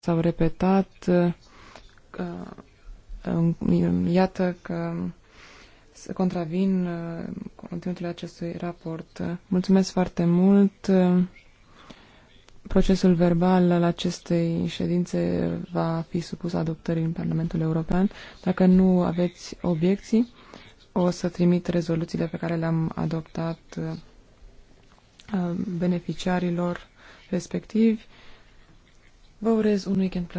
s-au repetat, uh, um, iată că se contravin uh, conținutul acestui raport. Mulțumesc foarte mult. Procesul verbal al acestei ședințe va fi supus adoptării în Parlamentul European. Dacă nu aveți obiecții, o să trimit rezoluțiile pe care le-am adoptat uh, beneficiarilor respectivi. Vă urez un weekend plăcut.